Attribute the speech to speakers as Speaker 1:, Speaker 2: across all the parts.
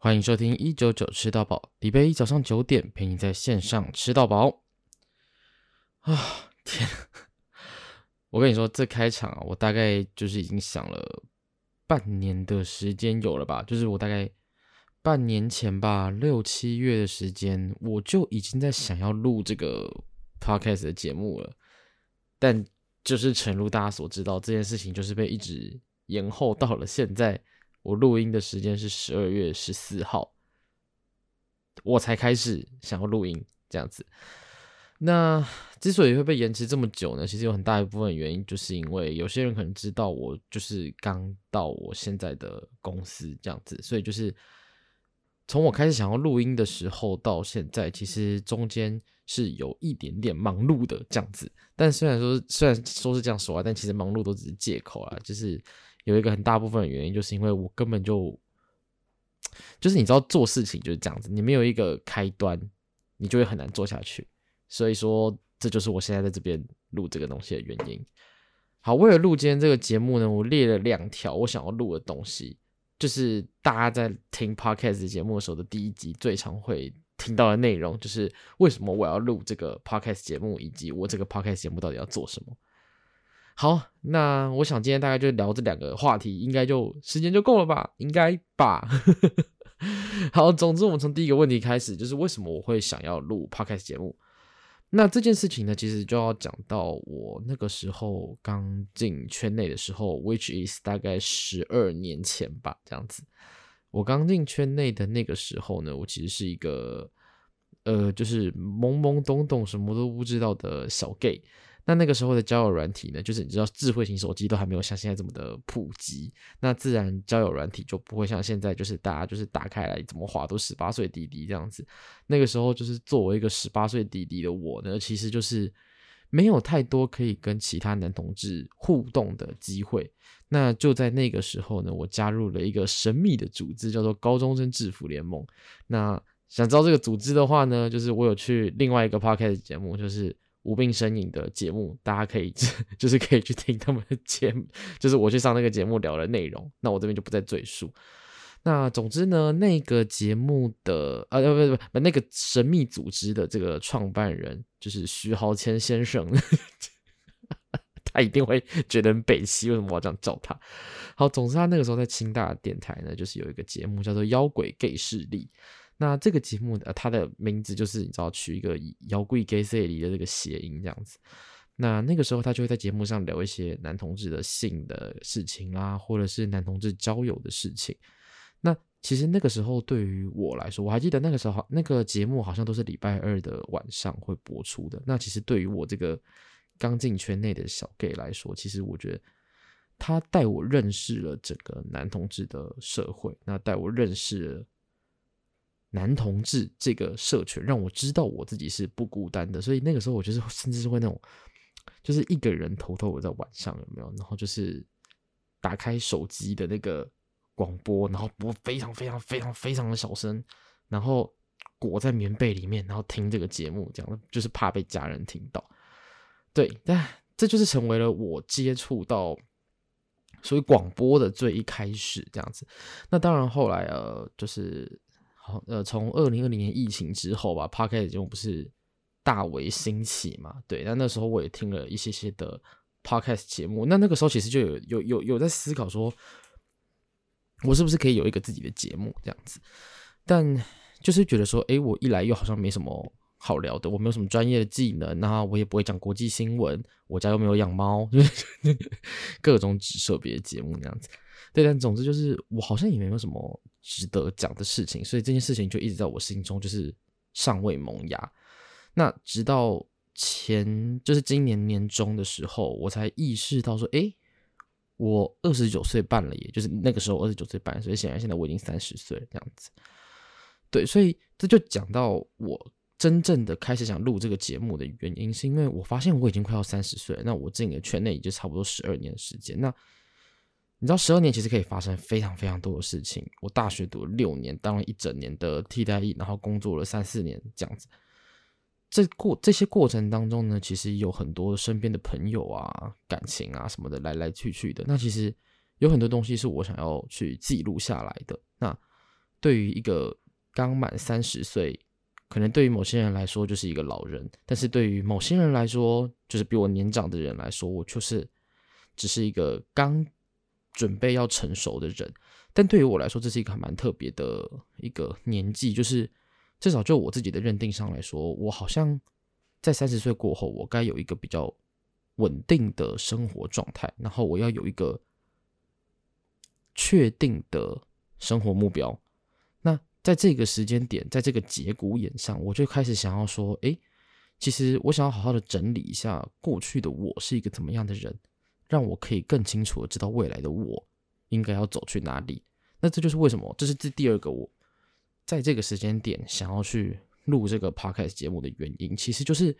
Speaker 1: 歡迎收聽一九九吃到飽，禮拜一早上九點陪你在線上吃到飽。啊，天！我跟你說，這開場啊，我大概就是已經想了半年的時間有了吧，就是我大概半年前吧，六七月的時間，我就已經在想要錄這個 Podcast 的節目了。但就是，誠如大家所知道，這件事情就是被一直延後到了現在。我錄音的時間是十二月十四號，我才開始想要錄音這樣子。那之所以會被延遲這麼久呢，其實有很大一部分原因，就是因為有些人可能知道我就是剛到我現在的公司這樣子，所以就是從我開始想要錄音的時候到現在，其實中間是有一點點忙碌的這樣子。但雖然說雖然說是這樣說啊，但其實忙碌都只是借口啊，就是。有一個很大部分的原因，就是因為我根本就，就是你知道做事情就是這樣子，你沒有一個開端，你就會很難做下去。所以說，這就是我現在在這邊錄這個東西的原因。好，為了錄今天這個節目呢，我列了兩條我想要錄的東西，就是大家在聽 Podcast 節目的時候的第一集最常會聽到的內容，就是為什麼我要錄這個 Podcast 節目，以及我這個 Podcast 節目到底要做什麼？好，那我想今天大概就聊這兩個話題，應該就時間就夠了吧，應該吧。 好，總之我們從第一個問題開始，就是為什麼我會想要錄 Podcast 節目。那這件事情呢，其實就要講到我那個時候剛進圈內的時候，which is 大概十二年前吧，這樣子。我剛進圈內的那個時候呢，我其實是一個呃，就是懵懵懂懂，什麼都不知道的小 gay。那那個時候的交友軟體呢，就是你知道智慧型手機都還沒有像現在這麼的普及，那自然交友軟體就不會像現在，就是大家就是打開來怎麼滑都十八歲弟弟這樣子。那個時候就是作為一個十八歲弟弟的我呢，其實就是沒有太多可以跟其他男同志互動的機會。那就在那個時候呢，我加入了一個神秘的組織，叫做高中生制服聯盟。那想知道這個組織的話呢，就是我有去另外一個 podcast 的節目，就是。無病呻吟的節目，大家可以就是可以去聽他們的節目，就是我去上那個節目聊的內容。那我這邊就不再贅述。那總之呢，那個節目的啊，不不不，不，那個神秘組織的這個創辦人就是徐浩謙先生， 他一定會覺得很北七，為什麼我要這樣叫他？好，總之他那個時候在清大電臺呢，就是有一個節目叫做《妖鬼 gay 世力》。那這個節目，呃，它的名字就是你知道，取一個搖櫃 Gay Z 裡的這個諧音這樣子。那那個時候，他就會在節目上聊一些男同志的性的事情啊，或者是男同志交友的事情。那其實那個時候，對於我來說，我還記得那個時候，那個節目好像都是禮拜二的晚上會播出的。那其實對於我這個剛進圈內的小 Gay 來說，其實我覺得他帶我認識了整個男同志的社會，那帶我認識了。男同志這個社群讓我知道我自己是不孤單的，所以那個時候我就是甚至是會那種，就是一個人偷偷的在晚上有沒有，然後就是打開手機的那個廣播，然後播非常非常非常非常的小聲，然後裹在棉被裡面，然後聽這個節目，這樣就是怕被家人聽到。對，但這就是成為了我接觸到所謂廣播的最一開始這樣子。那當然後來呃就是。呃，從二零二零年疫情之後吧，podcast 節目不是大為興起嘛？對，那那時候我也聽了一些些的 podcast 節目，那那個時候其實就有有有有在思考說，我是不是可以有一個自己的節目這樣子？但就是覺得說，誒、欸，我一來又好像沒什麼好聊的，我沒有什麼專業的技能，那我也不會講國際新聞，我家又沒有養貓，就是、各種指涉別的節目那樣子。對，但總之就是我好像也沒有什麼。值得講的事情，所以這件事情就一直在我心中就是尚未萌芽。那直到前就是今年年中的時候，我才意識到說，誒，我二十九歲半了也，也就是那個時候二十九歲半，所以顯然現在我已經三十歲了這樣子。對，所以這就講到我真正的開始想錄這個節目的原因，是因為我發現我已經快要三十歲了。那我整個圈內也就差不多十二年的時間。那你知道，十二年其實可以發生非常非常多的事情。我大學讀了六年，當了一整年的替代役，然後工作了三四年這樣子。這過這些過程當中呢，其實有很多身邊的朋友啊、感情啊什麼的來來去去的。那其實有很多東西是我想要去記錄下來的。那對於一個剛滿三十歲，可能對於某些人來說就是一個老人，但是對於某些人來說，就是比我年長的人來說，我就是只是一個剛。準備要成熟的人，但對於我來說，這是一個還蠻特別的一個年紀。就是至少就我自己的認定上來說，我好像在三十歲過後，我該有一個比較穩定的生活狀態，然後我要有一個確定的生活目標。那在這個時間點，在這個節骨眼上，我就開始想要說，欸，其實我想要好好的整理一下過去的我是一個怎麼樣的人。讓我可以更清楚的知道未來的我應該要走去哪裡。那這就是為什麼，這是這第二個我在這個時間點想要去錄這個 Podcast 節目的原因。其實就是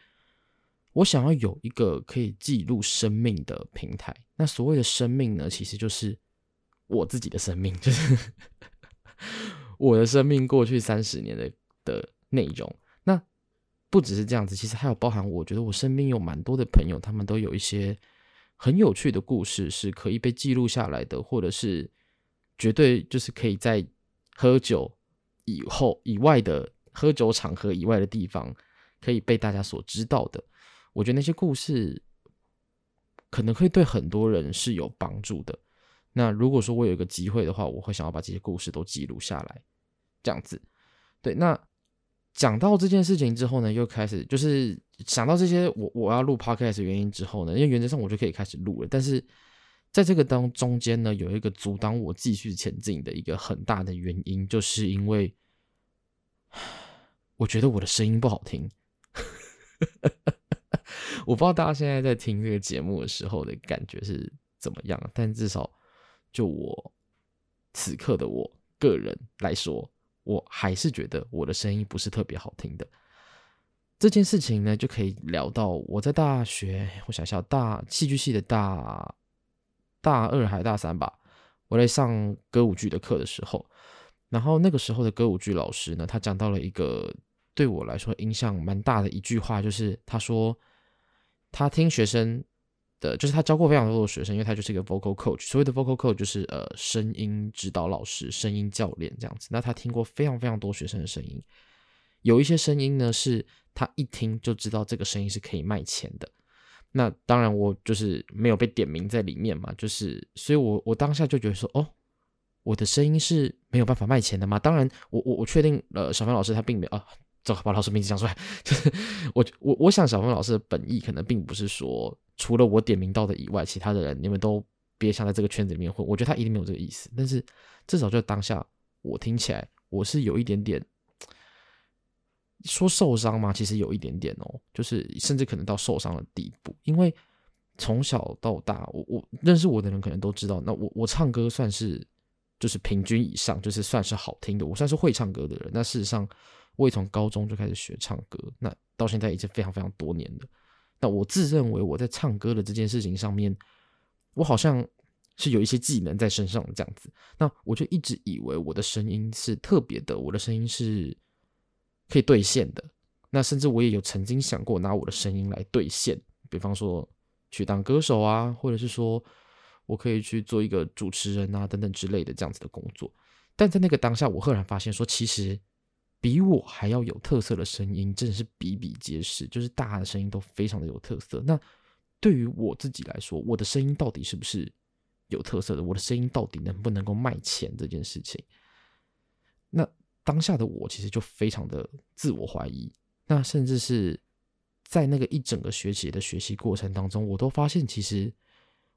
Speaker 1: 我想要有一個可以記錄生命的平台。那所謂的生命呢，其實就是我自己的生命，就是我的生命過去三十年的的內容。那不只是這樣子，其實還有包含，我覺得我身邊有蠻多的朋友，他們都有一些。很有趣的故事，是可以被記錄下來的，或者是絕對就是可以在喝酒以後以外的喝酒場合以外的地方可以被大家所知道的。我覺得那些故事可能會對很多人是有幫助的。那如果說我有一個機會的話，我會想要把這些故事都記錄下來。這樣子，對那。講到這件事情之後呢，又開始就是想到這些我，我我要錄 podcast 的原因之後呢，因為原則上我就可以開始錄了。但是在這個當中間呢，有一個阻擋我繼續前進的一個很大的原因，就是因為我覺得我的聲音不好聽。 我不知道大家現在在聽這個節目的時候的感覺是怎麼樣，但至少就我此刻的我個人來說。我還是覺得我的聲音不是特別好聽的。這件事情呢，就可以聊到我在大學，我想想，大戲劇系的大大二還是大三吧。我在上歌舞劇的課的時候，然後那個時候的歌舞劇老師呢，他講到了一個對我來說影響蠻大的一句話，就是他說他聽學生。的就是他教過非常多的學生，因為他就是一個 vocal coach。所謂的 vocal coach 就是呃聲音指導老師、聲音教練這樣子。那他聽過非常非常多學生的聲音，有一些聲音呢是他一聽就知道這個聲音是可以賣錢的。那當然我就是沒有被點名在裡面嘛，就是所以我，我我當下就覺得說，哦，我的聲音是沒有辦法賣錢的嗎？當然我，我我我確定，呃，小芳老師他並沒有啊，走把老師名字講出來。就是我我我想小芳老師的本意可能並不是說。除了我點名到的以外，其他的人你們都別想在這個圈子裡面混。我覺得他一定沒有這個意思，但是至少就當下，我聽起來我是有一點點說受傷嗎？其實有一點點哦，就是甚至可能到受傷的地步。因為從小到大，我我認識我的人可能都知道，那我我唱歌算是就是平均以上，就是算是好聽的，我算是會唱歌的人。那事實上，我也從高中就開始學唱歌，那到現在已經非常非常多年了。那我自認為我在唱歌的這件事情上面，我好像是有一些技能在身上，這樣子。那我就一直以為我的聲音是特別的，我的聲音是可以兌現的。那甚至我也有曾經想過拿我的聲音來兌現，比方說去當歌手啊，或者是說我可以去做一個主持人啊，等等之類的這樣子的工作。但在那個當下，我赫然發現說其實，比我還要有特色的聲音，真的是比比皆是。就是大家的聲音都非常的有特色。那對於我自己來說，我的聲音到底是不是有特色的？我的聲音到底能不能夠賣錢這件事情？那當下的我其實就非常的自我懷疑。那甚至是，在那個一整個學期的學習過程當中，我都發現其實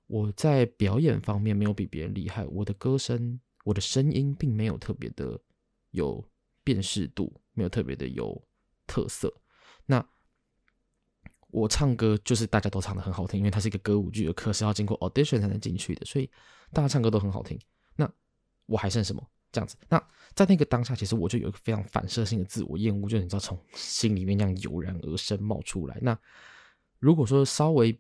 Speaker 1: 我在表演方面沒有比別人厲害。我的歌聲，我的聲音並沒有特別的有。辨識度沒有特別的有特色，那我唱歌就是大家都唱的很好聽，因為它是一個歌舞劇，的，可是要經過 audition 才能進去的，所以大家唱歌都很好聽。那我還剩什麼？這樣子，那在那個當下，其實我就有一個非常反射性的自我厭惡，就你知道從心裡面這樣油然而生冒出來。那如果說稍微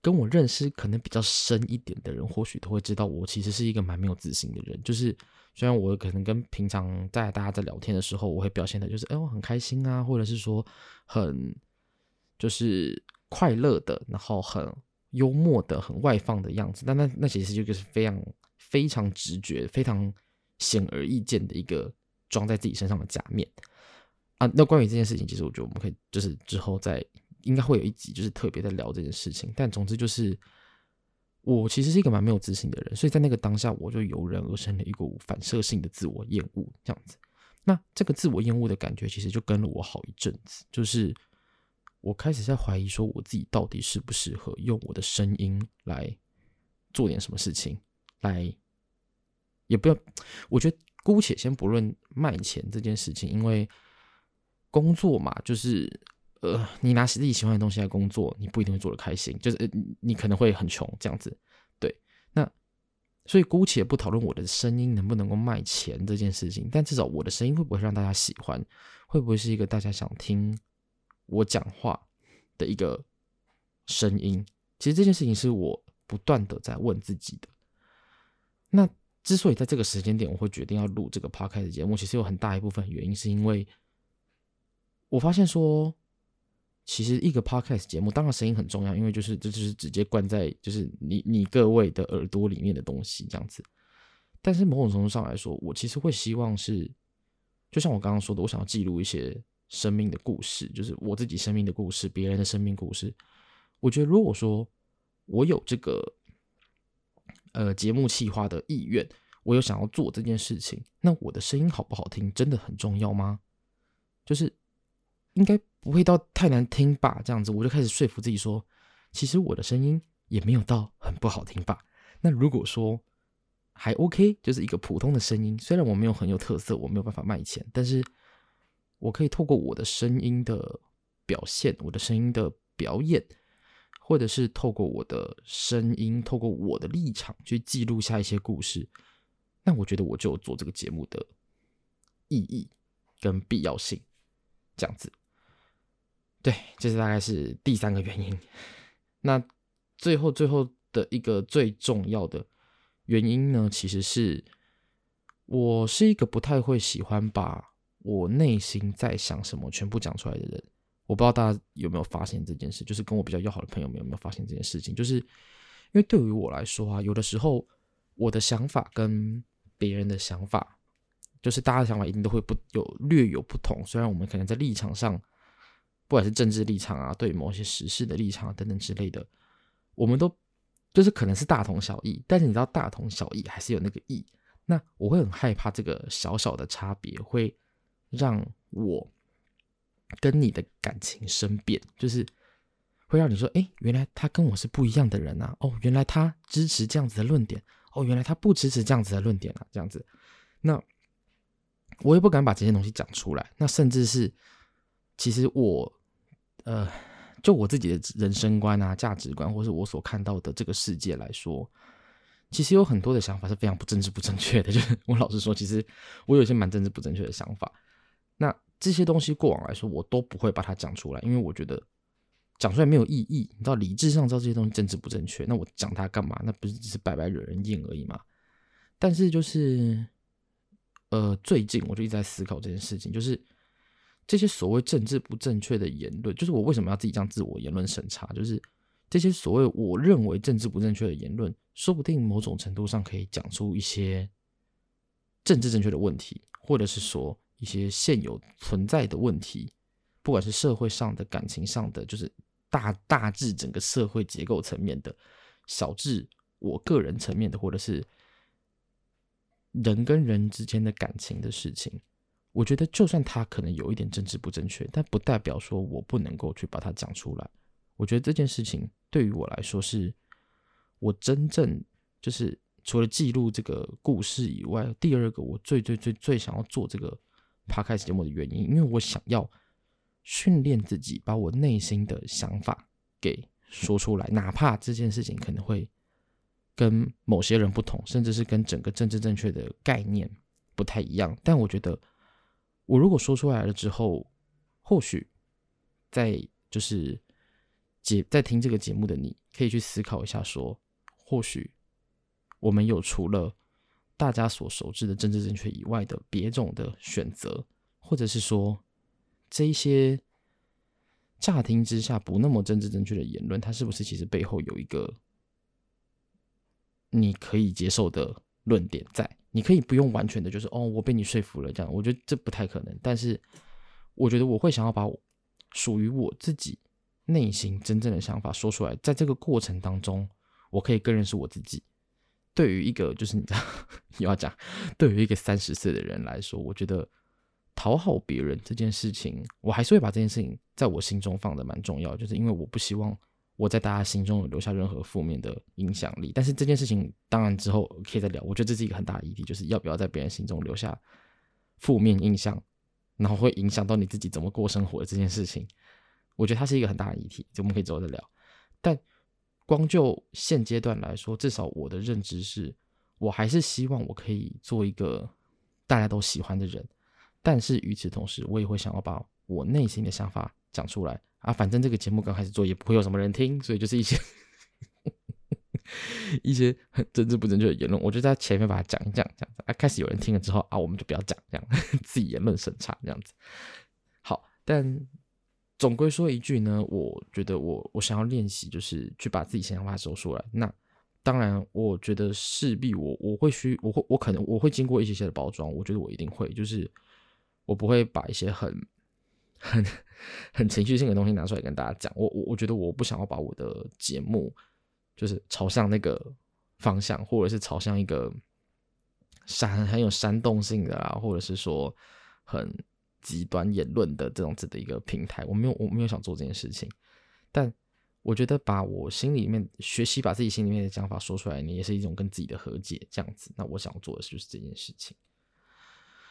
Speaker 1: 跟我認識可能比較深一點的人，或許都會知道我其實是一個蠻沒有自信的人。就是雖然我可能跟平常在大家在聊天的時候，我會表現的，就是誒，我很開心啊，或者是說很就是快樂的，然後很幽默的，很外放的樣子。但那那其實就是非常非常直覺、非常顯而易見的一個裝在自己身上的假面啊。那關於這件事情，其實我覺得我們可以就是之後再。應該會有一集，就是特別在聊這件事情。但總之就是，我其實是一個蠻沒有自信的人，所以在那個當下，我就油然而生了一股反射性的自我厭惡這樣子。那這個自我厭惡的感覺，其實就跟了我好一陣子，就是我開始在懷疑說，我自己到底適不適合用我的聲音來做點什麼事情？來，也不要，我覺得姑且先不論賣錢這件事情，因為工作嘛，就是。呃，你拿自己喜歡的東西來工作，你不一定會做的開心，就是呃，你可能會很窮這樣子。對，那所以姑且不討論我的聲音能不能夠賣錢這件事情，但至少我的聲音會不會讓大家喜歡，會不會是一個大家想聽我講話的一個聲音？其實這件事情是我不斷的在問自己的。那之所以在這個時間點我會決定要錄這個 Podcast 的節目，其實有很大一部分原因是因為我發現說。其實一個 podcast 節目，當然聲音很重要，因為就是這就，就是直接灌在就是你你各位的耳朵裡面的東西這樣子。但是某種程度上來說，我其實會希望是，就像我剛剛說的，我想要記錄一些生命的故事，就是我自己生命的故事，別人的生命故事。我覺得如果說我有這個呃節目企劃的意願，我有想要做這件事情，那我的聲音好不好聽，真的很重要嗎？就是應該。不會到太難聽吧？這樣子，我就開始說服自己說，其實我的聲音也沒有到很不好聽吧。那如果說還 OK，就是一個普通的聲音，雖然我沒有很有特色，我沒有辦法賣錢，但是我可以透過我的聲音的表現，我的聲音的表演，或者是透過我的聲音，透過我的立場去記錄下一些故事，那我覺得我就有做這個節目的意義跟必要性，這樣子。對，這是大概是第三個原因。那最後最後的一個最重要的原因呢，其實是我是一個不太會喜歡把我內心在想什麼全部講出來的人。我不知道大家有沒有發現這件事，就是跟我比較要好的朋友們有沒有發現這件事情，就是因為對於我來說啊，有的時候我的想法跟別人的想法，就是大家的想法一定都會不有略有不同，雖然我們可能在立場上。不管是政治立場啊，對某些時事的立場、啊、等等之類的，我們都就是可能是大同小異，但是你知道大同小異還是有那個異。那我會很害怕這個小小的差別會讓我跟你的感情生變，就是會讓你說：“哎、欸，原來他跟我是不一樣的人啊！哦，原來他支持這樣子的論點，哦，原來他不支持這樣子的論點啊！”這樣子，那我也不敢把這些東西講出來，那甚至是。其實我，呃，就我自己的人生觀啊、價值觀，或是我所看到的這個世界來說，其實有很多的想法是非常不政治不正確的。就是我老實說，其實我有一些蠻政治不正確的想法。那這些東西過往來說，我都不會把它講出來，因為我覺得講出來沒有意義。你知道，理智上知道這些東西政治不正確，那我講它幹嘛？那不是只是白白惹人厭而已嗎？但是就是，呃，最近我就一直在思考這件事情，就是。這些所謂政治不正確的言論，就是我為什麼要自己這樣自我言論審查？就是這些所謂我認為政治不正確的言論，說不定某種程度上可以講出一些政治正確的問題，或者是說一些現有存在的問題，不管是社會上的、感情上的，就是大大至整個社會結構層面的，小至我個人層面的，或者是人跟人之間的感情的事情。我覺得，就算他可能有一點政治不正確，但不代表說我不能夠去把它講出來。我覺得這件事情對於我來說是，我真正就是除了記錄這個故事以外，第二個我最最最最想要做這個 Podcast 節目的原因，因為我想要訓練自己，把我內心的想法給說出來，哪怕這件事情可能會跟某些人不同，甚至是跟整個政治正確的概念不太一樣，但我覺得。我如果說出來了之後，或許在就是節在聽這個節目的你可以去思考一下說，說或許我們有除了大家所熟知的政治正確以外的別種的選擇，或者是說這一些乍聽之下不那麼政治正確的言論，它是不是其實背後有一個你可以接受的論點在？你可以不用完全的，就是哦，我被你說服了，這樣我覺得這不太可能。但是，我覺得我會想要把屬於我自己內心真正的想法說出來，在這個過程當中，我可以更認識我自己。對於一個就是你知道你要講，對於一個三十歲的人來說，我覺得討好別人這件事情，我還是會把這件事情在我心中放得蠻重要，就是因為我不希望。我在大家心中有留下任何負面的影響力，但是這件事情當然之後可以再聊。我覺得這是一個很大的議題，就是要不要在別人心中留下負面印象，然後會影響到你自己怎麼過生活的這件事情。我覺得它是一個很大的議題，我們可以之後再聊。但光就現階段來說，至少我的認知是，我還是希望我可以做一個大家都喜歡的人。但是與此同時，我也會想要把我內心的想法講出來。啊，反正這個節目剛開始做也不會有什麼人聽，所以就是一些 一些很政治不正確的言論，我就在前面把它講一講，這樣子。啊，開始有人聽了之後啊，我們就不要講這樣子，自己言論審查這樣子。好，但總歸說一句呢，我覺得我我想要練習，就是去把自己想法說出來，那當然，我覺得勢必我我會需我會我可能我會經過一些些的包裝，我覺得我一定會，就是我不會把一些很。很很情緒性的東西拿出來跟大家講，我我我覺得我不想要把我的節目就是朝向那個方向，或者是朝向一個山，很有煽動性的啦，或者是說很極端言論的這種子的一個平台，我沒有我沒有想做這件事情。但我覺得把我心裡面學習把自己心裡面的講法說出來，你也是一種跟自己的和解這樣子。那我想做的就是這件事情。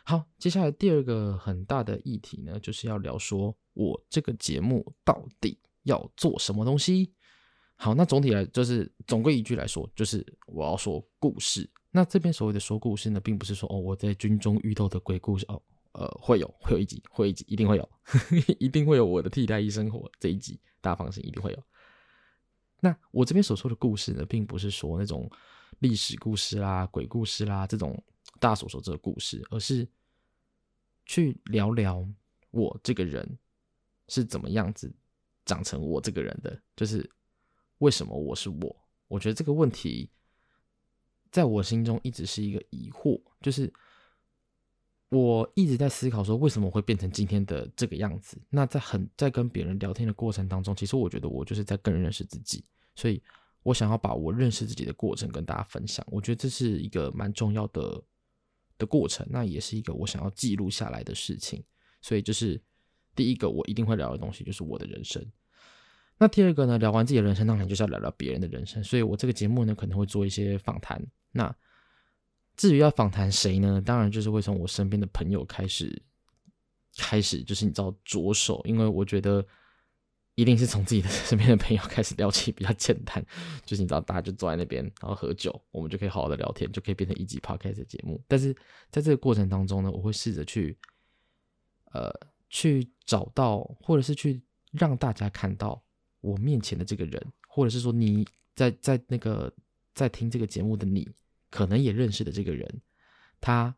Speaker 1: 好，接下來第二個很大的議題呢，就是要聊說，我這個節目到底要做什麼東西？好，那總體來就是，總歸一句來說，就是我要說故事。那這邊所謂的說故事呢，並不是說哦，我在軍中遇到的鬼故事哦，呃，會有，會有一集，會一集，一定會有，呵呵一定會有我的替代役生活這一集，大家放心，一定會有。那我這邊所說的“故事”呢，並不是說那種歷史故事啦、鬼故事啦這種。大家所說這個故事，而是去聊聊我這個人是怎麼樣子長成我這個人的，就是為什麼我是我。我覺得這個問題在我心中一直是一個疑惑，就是我一直在思考說為什麼會變成今天的這個樣子。那在很，在跟別人聊天的過程當中，其實我覺得我就是在更認識自己，所以我想要把我認識自己的過程跟大家分享。我覺得這是一個蠻重要的。的過程，那也是一個我想要記錄下來的事情，所以就是第一個我一定會聊的東西就是我的人生。那第二個呢，聊完自己的人生，當然就是要聊聊別人的人生，所以我這個節目呢，可能會做一些訪談。那至於要訪談誰呢？當然就是會從我身邊的朋友開始，開始就是你知道着手，因為我覺得。一定是從自己的身邊的朋友開始聊起比較簡單，就是你知道大家就坐在那邊，然後喝酒，我們就可以好好的聊天，就可以變成一集 Podcast 的節目。但是在這個過程當中呢，我會試着去，呃，去找到，或者是去讓大家看到我面前的這個人，或者是說你在在那個在聽這個節目的你，可能也認識的這個人，他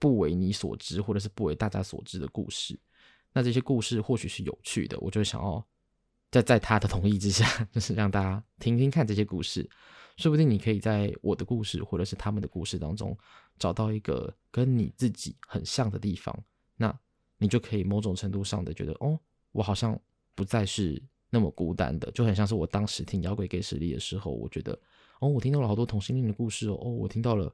Speaker 1: 不為你所知，或者是不為大家所知的故事。那這些故事或許是有趣的，我就會想要。在在他的同意之下，就是讓大家聽聽看這些故事，說不定你可以在我的故事或者是他們的故事當中找到一個跟你自己很像的地方，那你就可以某種程度上的覺得，哦，我好像不再是那麼孤單的，就很像是我當時聽《搖滾給實力》的時候，我覺得，哦，我聽到了好多同性戀的故事哦，哦，我聽到了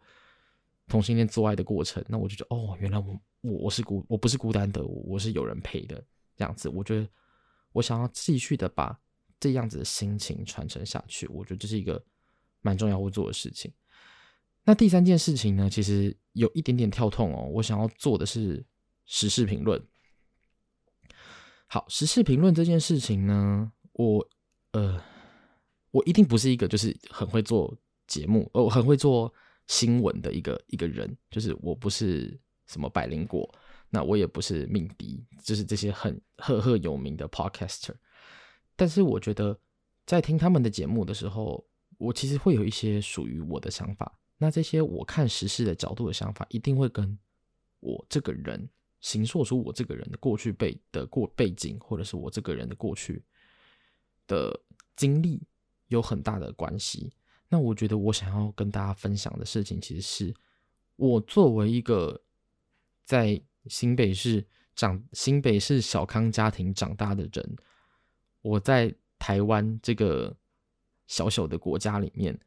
Speaker 1: 同性戀做愛的過程，那我就覺得，哦，原來我我我是孤，我不是孤單的，我是有人陪的，這樣子，我覺得。我想要繼續的把這樣子的心情傳承下去，我覺得這是一個蠻重要會做的事情。那第三件事情呢，其實有一點點跳痛哦。我想要做的是時事評論。好，時事評論這件事情呢，我呃，我一定不是一個就是很會做節目，呃，很會做新聞的一個一個人，就是我不是什麼百靈果。那我也不是名迪，就是這些很赫赫有名的 podcaster。但是我覺得，在聽他們的節目的時候，我其實會有一些屬於我的想法。那這些我看時事的角度的想法，一定會跟我這個人形塑出我這個人的過去背的過背景，或者是我這個人的過去的經歷有很大的關係。那我覺得我想要跟大家分享的事情，其實是我作為一個在。新北市長，新北市小康家庭長大的人。我在台灣這個小小的國家裡面，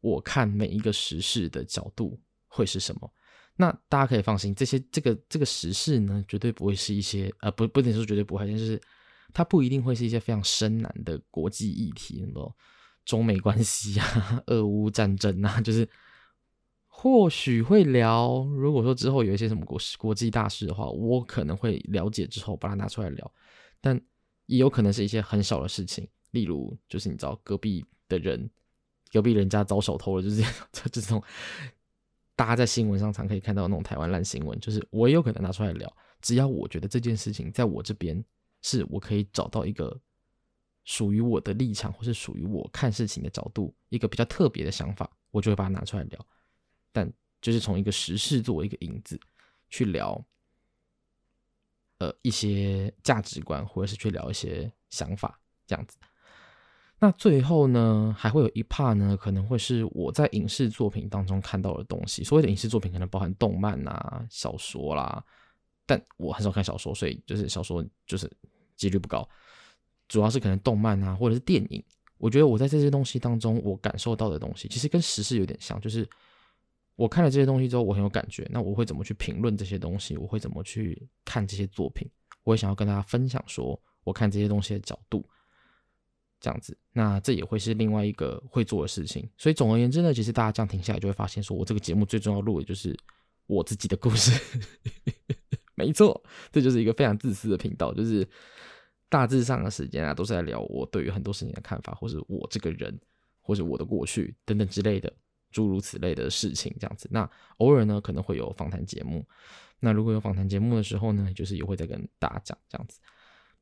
Speaker 1: 我看每一個時事的角度會是什麼？那大家可以放心，這些這個這個時事呢，絕對不會是一些呃，不不，不能說絕對不會，但就是它不一定會是一些非常深難的國際議題，你知道嗎？中美關係啊，俄烏戰爭啊，就是。或許會聊，如果說之後有一些什麼國事國際大事的話，我可能會了解之後把它拿出來聊，但也有可能是一些很小的事情，例如就是你知道隔壁的人，隔壁人家遭小偷了，就是，就是這種大家在新聞上常可以看到那種台灣爛新聞，就是我也有可能拿出來聊，只要我覺得這件事情在我這邊是我可以找到一個屬於我的立場，或是屬於我看事情的角度，一個比較特別的想法，我就會把它拿出來聊。但就是從一個時事作為一個引子去聊，呃，一些價值觀，或者是去聊一些想法這樣子。那最後呢，還會有一 part 呢，可能會是我在影視作品當中看到的東西。所謂的影視作品，可能包含動漫啊、小說啦、啊。但我很少看小說，所以就是小說就是幾率不高。主要是可能動漫啊，或者是電影。我覺得我在這些東西當中，我感受到的東西，其實跟時事有點像，就是。我看了這些東西之後，我很有感覺。那我會怎麼去評論這些東西？我會怎麼去看這些作品？我也想要跟大家分享，說我看這些東西的角度，這樣子。那這也會是另外一個會做的事情。所以總而言之呢，其實大家這樣停下來，就會發現說，說我這個節目最重要錄的路就是我自己的故事。 沒錯，這就是一個非常自私的頻道，就是大致上的時間啊，都是在聊我對於很多事情的看法，或是我這個人，或者我的過去等等之類的。諸如此類的事情，這樣子。那偶爾呢，可能會有訪談節目。那如果有訪談節目的時候呢，就是也會再跟大家講這樣子。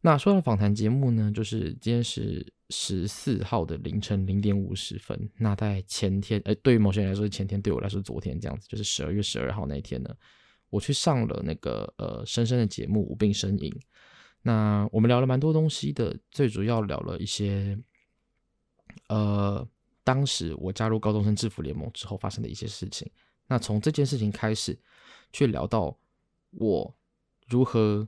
Speaker 1: 那說到訪談節目呢，就是今天是十四號的凌晨零點五十分。那在前天，哎、欸，對於某些人來說是前天，對我來說昨天，這樣子。就是十二月十二號那一天呢，我去上了那個呃深深的節目《無病呻吟》。那我們聊了蠻多東西的，最主要聊了一些呃。當時我加入高中生制服聯盟之後發生的一些事情，那從這件事情開始，去聊到我如何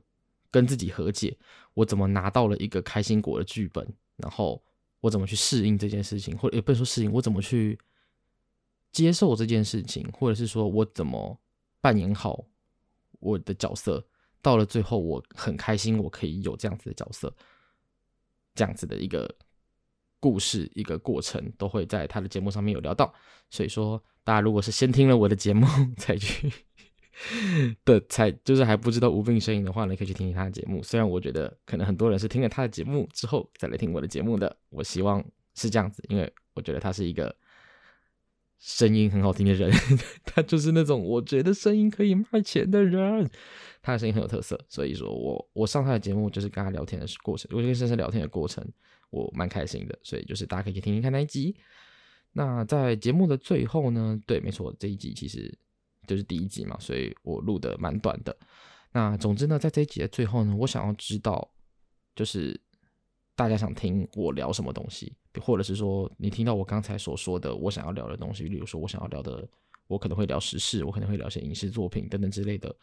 Speaker 1: 跟自己和解，我怎麼拿到了一個開心果的劇本，然後我怎麼去適應這件事情，或者也不說適應，我怎麼去接受這件事情，或者是說我怎麼扮演好我的角色。到了最後，我很開心，我可以有這樣子的角色，這樣子的一個。故事一個，過程都會在他的節目上面有聊到，所以說大家如果是先聽了我的節目才去的， 才就是還不知道無病呻吟的話呢，可以去聽聽他的節目。雖然我覺得可能很多人是聽了他的節目之後再來聽我的節目的，我希望是這樣子，因為我覺得他是一個聲音很好聽的人， 他就是那種我覺得聲音可以賣錢的人，他的聲音很有特色，所以說我我上他的節目就是跟他聊天的過程，我就跟先生聊天的過程。我蠻開心的，所以就是大家可以聽聽看那一集。那在節目的最後呢，對，沒錯，這一集其實就是第一集嘛，所以我錄的蠻短的。那總之呢，在這一集的最後呢，我想要知道就是大家想聽我聊什麼東西，或者是說你聽到我剛才所說的我想要聊的東西，例如說我想要聊的，我可能會聊時事，我可能會聊些影視作品等等之類的。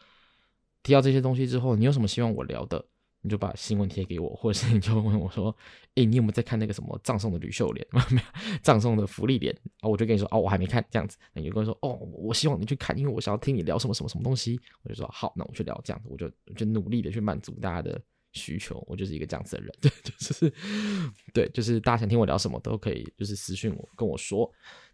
Speaker 1: 提到這些東西之後，你有什麼希望我聊的？你就把新聞貼給我，或者是你就問我說：“哎、欸，你有沒有在看那個什麼葬送的呂秀蓮？ 葬送的芙莉蓮？”我就跟你說：“哦，我還沒看。”這樣子，你就跟我說：“哦，我希望你去看，因為我想要聽你聊什麼什麼什麼東西。”我就說：“好，那我去聊。”這樣子，我就我就努力的去滿足大家的需求。我就是一個這樣子的人， 就是對，就是大家想聽我聊什麼都可以，就是私訊我跟我說。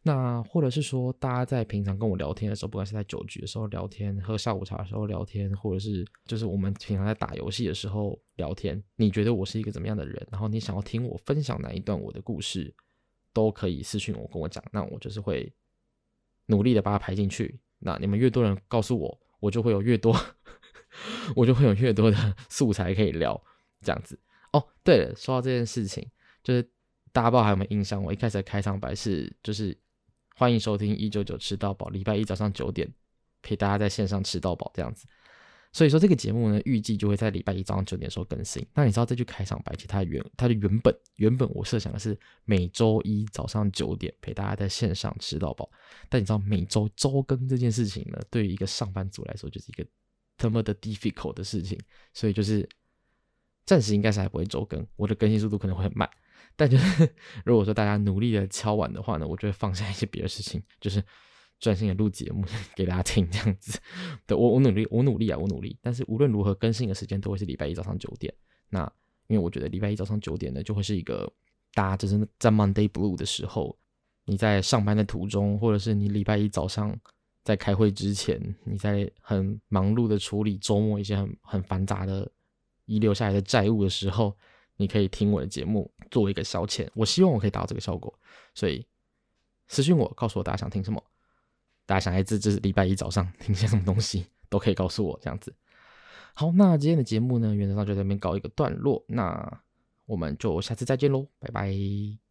Speaker 1: 那或者是說，大家在平常跟我聊天的時候，不管是在酒局的時候聊天，喝下午茶的時候聊天，或者是就是我們平常在打遊戲的時候聊天，你覺得我是一個怎麼樣的人？然後你想要聽我分享哪一段我的故事，都可以私訊我跟我講。那我就是會努力的把它排進去。那你們越多人告訴我，我就會有越多， 我就會有越多的素材可以聊。這樣子哦。對了，說到這件事情，就是大家不知道還有沒有印象？我一開始的開場白是就是。歡迎收聽一九九吃到飽，禮拜一早上九點陪大家在線上吃到飽這樣子。所以說這個節目呢，預計就會在禮拜一早上九點的時候更新。那你知道這句開場白，其實它原它的原本原本我設想的是每周一早上九點陪大家在線上吃到飽，但你知道每周周更這件事情呢，對於一個上班族來說就是一個他媽的 difficult 的事情，所以就是暫時應該是還不會周更，我的更新速度可能會很慢。但就是，如果說大家努力的敲碗的話呢，我就會放下一些別的事情，就是專心的錄節目給大家聽這樣子。對，我我努力，我努力啊，我努力。但是無論如何，更新的時間都會是禮拜一早上九點。那因為我覺得禮拜一早上九點呢，就會是一個大家真是在 Monday Blue 的時候，你在上班的途中，或者是你禮拜一早上在開會之前，你在很忙碌的處理周末一些很很繁雜的遺留下來的債務的時候。你可以聽我的節目做一個消遣，我希望我可以達到這個效果，所以私訊我，告訴我大家想聽什麼，大家想在這這是禮拜一早上聽些什麼東西都可以告訴我，這樣子。好，那今天的節目呢，原則上就在這邊告一個段落，那我們就下次再見嘍，拜拜。